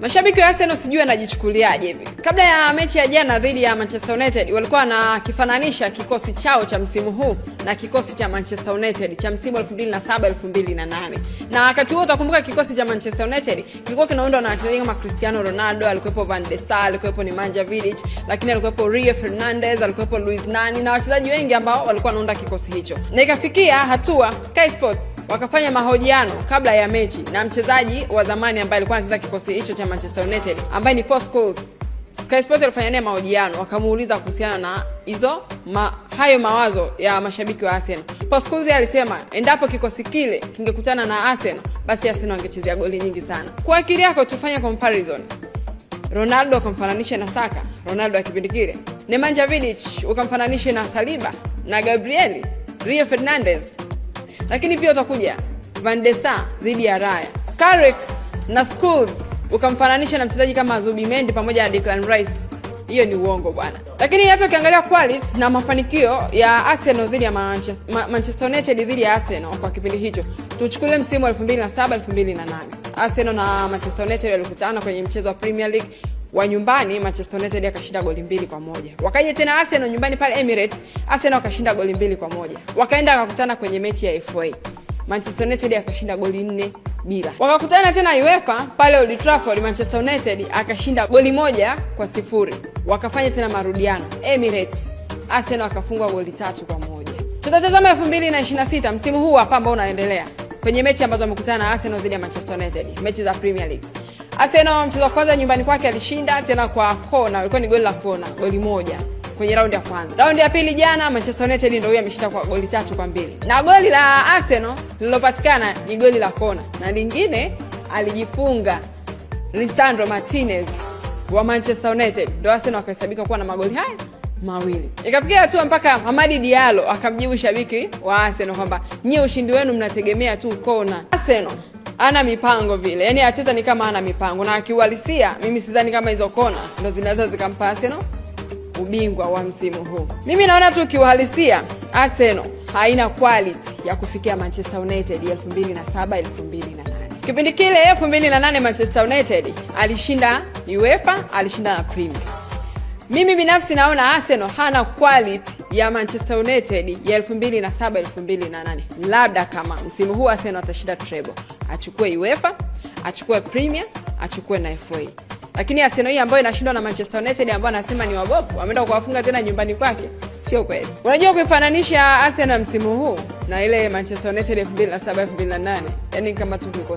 Mashabiki wa Arsenal sijui anajichukuliaje hivi. Kabla ya mechi ya jana dhidi ya Manchester United, walikuwa wanakifananisha kikosi chao cha msimu huu na kikosi cha Manchester United cha msimu 2007 2008. Na wakati huo utakumbuka kikosi cha Manchester United kilikuwa kinaundwa na wachezaji kama Cristiano Ronaldo, alikuwepo Van der Sar, alikuwepo Nemanja Vidic, lakini alikuwepo Rio Fernandez, alikuwepo Luis Nani na wachezaji wengi ambao walikuwa wanaunda kikosi hicho. Na ikafikia hatua Sky Sports wakafanya mahojiano kabla ya mechi na mchezaji wa zamani ambaye alikuwa anacheza kikosi hicho cha cha Manchester United ambaye ni Paul Scholes. Sky Sports walifanya naye mahojiano wakamuuliza kuhusiana na hizo ma, hayo mawazo ya mashabiki wa Arsenal. Paul Scholes alisema endapo kikosi kile kingekutana na Arsenal, basi Arsenal angechezea goli nyingi sana. Kwa akili yako tufanye comparison. Ronaldo ukamfananisha na Saka, Ronaldo ya kipindi kile. Nemanja Vidic ukamfananisha na Saliba na Gabrieli, Rio fernandez Lakini pia utakuja Van de Sar dhidi ya Raya, Carrick na Scholes ukamfananisha na mchezaji kama Zubi Mendi pamoja na Declan Rice, hiyo ni uongo bwana. Lakini hata ukiangalia quality na mafanikio ya Arsenal dhidi ya Manchester, United dhidi ya Arsenal kwa kipindi hicho, tuchukulie msimu 2007 2008, Arsenal na Manchester United walikutana kwenye mchezo wa Premier League wa nyumbani Manchester United akashinda goli mbili kwa moja. Wakaja tena Arsenal nyumbani pale Emirates, Arsenal akashinda goli mbili kwa moja. Wakaenda akakutana kwenye mechi ya FA. Manchester United akashinda goli nne bila. Wakakutana tena UEFA pale Old Trafford, Manchester United akashinda goli moja kwa sifuri. Wakafanya tena marudiano Emirates, Arsenal akafungwa goli tatu kwa moja. Tutatazama 2026 msimu huu hapa ambao unaendelea kwenye mechi ambazo wamekutana na Arsenal dhidi ya Manchester United, mechi za Premier League. Arsenal mchezo wa kwanza nyumbani kwake alishinda tena kwa kona, ilikuwa ni goli la kona, goli moja kwenye raundi ya kwanza. Raundi ya pili jana Manchester United ndio huyo ameshinda kwa goli tatu kwa mbili na goli la Arsenal lililopatikana ni goli la kona na lingine alijifunga Lisandro Martinez wa Manchester United, ndio Arsenal akahesabika kuwa na magoli haya mawili. Ikafikia hatua mpaka Hamadi Diallo akamjibu shabiki wa Arsenal kwamba nyie ushindi wenu mnategemea tu kona. Arsenal ana mipango vile, yaani Arteta ni kama ana mipango, na akiuhalisia, mimi sidhani kama hizo kona ndo zinaweza zikampa Arsenal ubingwa wa msimu huu. Mimi naona tu kiuhalisia Arsenal haina quality ya kufikia Manchester United 2007 2008. Kipindi kile 2008 Manchester United alishinda UEFA, alishinda na Premier. Mimi binafsi naona Arsenal hana quality ya Manchester United ya 2007 2008. Labda kama msimu huu Arsenal atashinda treble, achukue UEFA, achukue Premier, achukue na FA lakini Arsenal hii ambayo inashindwa na Manchester United ambao anasema ni wabovu, ameenda kuwafunga tena nyumbani kwake, sio kweli. Unajua, kuifananisha Arsenal msimu huu na ile Manchester United 2007 2008 yani kama tu